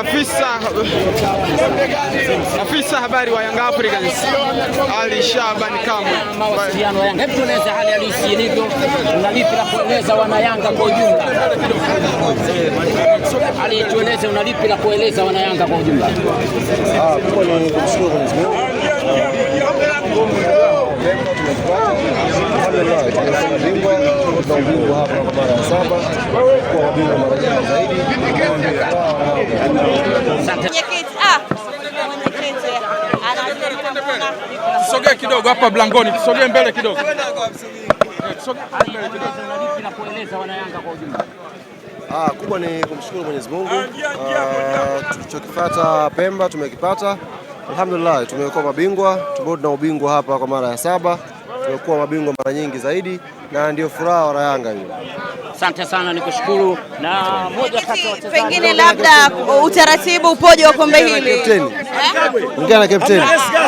Afisa, afisa habari wa Young Africans Ali Shaban Kamwe, hebu tueleze hali halisi ilivyo na lipi la kueleza wana Yanga kwa ujumla. Ali, tueleze una lipi la kueleza wana Yanga kwa ujumla. Ah, kwa ni kushukuru Mwenyezi Mungu Tusogee kidogo hapa mlangoni tusogee mbele kidogo. Ah, kubwa ni kumshukuru Mwenyezi Mungu. Ah, tulichokipata Pemba tumekipata, alhamdulillah, tumekuwa mabingwa, tumekuwa tuna ubingwa hapa kwa mara ya saba tumekuwa mabingwa mara nyingi zaidi na ndio furaha wa Yanga hiyo. Asante sana nikushukuru. Na moja kati ya wachezaji pengine labda utaratibu upoje wa kombe hili? Ongea na kapteni.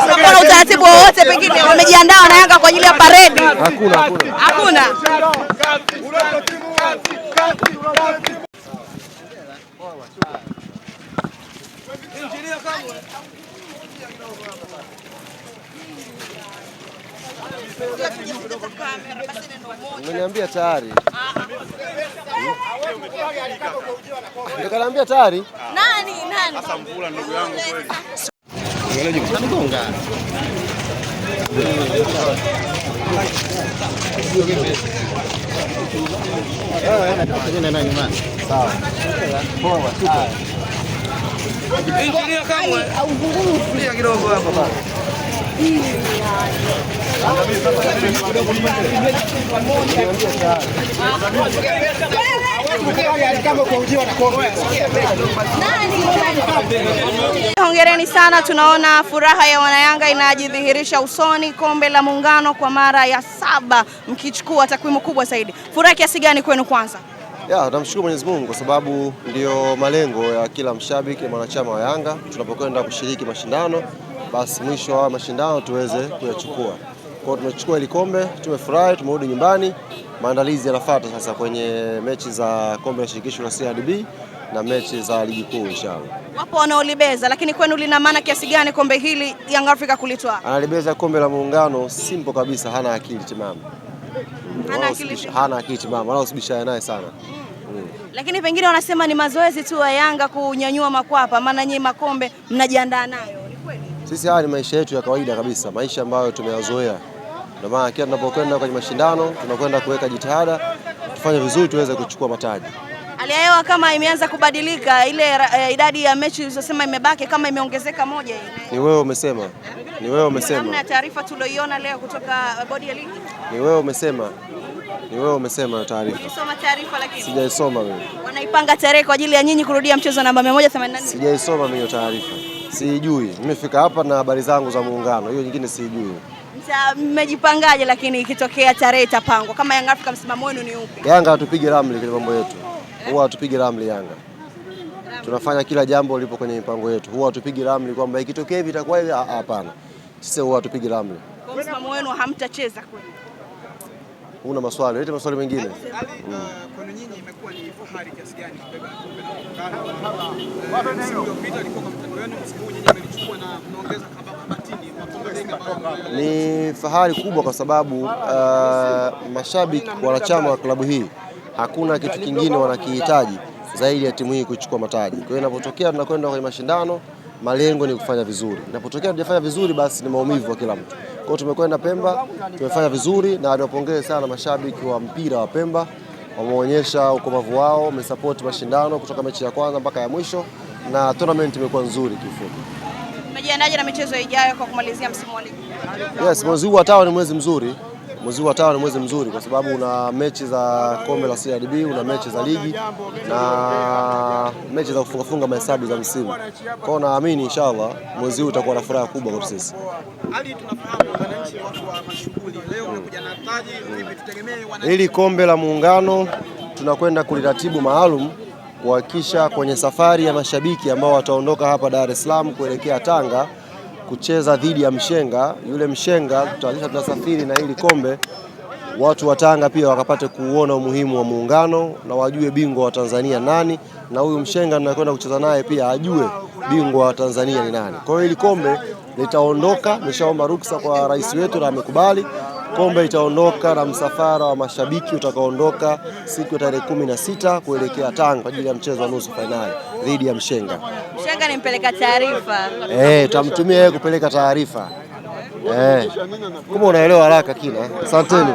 Hakuna utaratibu wowote pengine wamejiandaa na Yanga kwa ajili ya parade? Hakuna, hakuna. Hakuna. Umeniambia tayari. Nikaambia tayari. Nani nani? Sasa mvula ndugu yangu kweli. Injinia kamwe au kidogo hapa baba. Hongereni sana, tunaona furaha ya wanayanga inajidhihirisha usoni. Kombe la Muungano kwa mara ya saba mkichukua takwimu kubwa zaidi, furaha kiasi gani kwenu? Kwanza ya tunamshukuru Mwenyezi Mungu kwa sababu ndiyo malengo ya kila mshabiki na mwanachama wa Yanga tunapokwenda kushiriki mashindano, basi mwisho wa mashindano tuweze kuyachukua kwa Tumechukua ile kombe, tumefurahi, tumerudi nyumbani. Maandalizi yanafuata sasa kwenye mechi za kombe la shirikisho la CRDB na mechi za ligi kuu inshallah. Wapo wanaolibeza, lakini kwenu lina maana kiasi gani kombe hili Young Africa kulitwaa? Analibeza kombe la muungano, simple kabisa, hana akili timamu, hana akili hana akili timamu, wala usibishane naye sana hmm. Hmm. Lakini pengine wanasema ni mazoezi tu ya Yanga kunyanyua makwapa, maana nyinyi makombe mnajiandaa nayo, ni kweli? Sisi haya ni maisha yetu ya kawaida kabisa, maisha ambayo tumeyazoea ndio maana kila tunapokwenda kwenye mashindano tunakwenda kuweka jitihada, tufanye vizuri tuweze kuchukua mataji. Hali ya hewa kama imeanza kubadilika, ile e, idadi ya mechi ulizosema imebaki kama imeongezeka moja ile. Ni wewe umesema, ni wewe umesema. Kuna taarifa tulioiona leo kutoka bodi ya ligi. Ni wewe umesema, ni wewe umesema taarifa. Soma taarifa lakini sijaisoma mimi. Wanaipanga tarehe kwa ajili ya nyinyi kurudia mchezo namba 184. Sijaisoma mimi hiyo taarifa, siijui. Nimefika hapa na habari zangu za muungano, hiyo nyingine siijui. Mmejipangaje lakini ikitokea tarehe itapangwa kama Yanga Africa, msimamo wenu ni upi? Yanga hatupigi ramli kwenye mambo yetu, huwa hatupigi ramli. Yanga tunafanya kila jambo lipo kwenye mipango yetu, huwa hatupigi ramli kwamba ikitokea hivi itakuwa hivi. Hapana, sisi huwa hatupige ramli. Kwa msimamo wenu hamtacheza kweli? Una maswali, leta maswali mengine. Ni fahari kubwa kwa sababu uh, mashabiki wanachama wa klabu hii hakuna kitu kingine wanakihitaji zaidi ya timu hii kuchukua mataji. Kwa hiyo inapotokea tunakwenda kwenye mashindano, malengo ni kufanya vizuri. Inapotokea tujafanya vizuri, basi ni maumivu wa kila mtu. Kwa hiyo tumekwenda Pemba, tumefanya vizuri, na niwapongeze sana mashabiki wa mpira wa Pemba, wameonyesha ukomavu wao, wamesapoti mashindano kutoka mechi ya kwanza mpaka ya mwisho, na tournament imekuwa nzuri kifupi. Umejiandaje na michezo ijayo kwa kumalizia msimu wa ligi? Yes, mwezi huu wa Tawa ni mwezi mzuri mwezi huu wa Tawa ni mwezi mzuri kwa sababu una mechi za kombe la CRB, una mechi za ligi na mechi za kufungafunga mahesabu za msimu. Kwa hiyo naamini inshallah mwezi huu utakuwa na furaha kubwa kwa sisi. Mm. Mm. Hili kombe la Muungano tunakwenda kuliratibu maalum kuhakikisha kwenye safari ya mashabiki ambao wataondoka hapa Dar es Salaam kuelekea Tanga kucheza dhidi ya Mshenga. Yule Mshenga tutahakikisha tunasafiri na hili kombe, watu wa Tanga pia wakapate kuona umuhimu wa muungano na wajue bingwa wa Tanzania nani, na huyu Mshenga tunakwenda kucheza naye pia ajue bingwa wa Tanzania ni nani. Kwa hiyo hili kombe litaondoka, nishaomba ruksa kwa rais wetu na amekubali. Kombe itaondoka na msafara wa mashabiki utakaoondoka siku ya tarehe kumi na sita kuelekea Tanga kwa ajili ya mchezo wa nusu fainali dhidi ya Mshenga. Mshenga ni mpeleka taarifa eh, tutamtumia yeye kupeleka taarifa eh. Kama unaelewa haraka kina. Asanteni.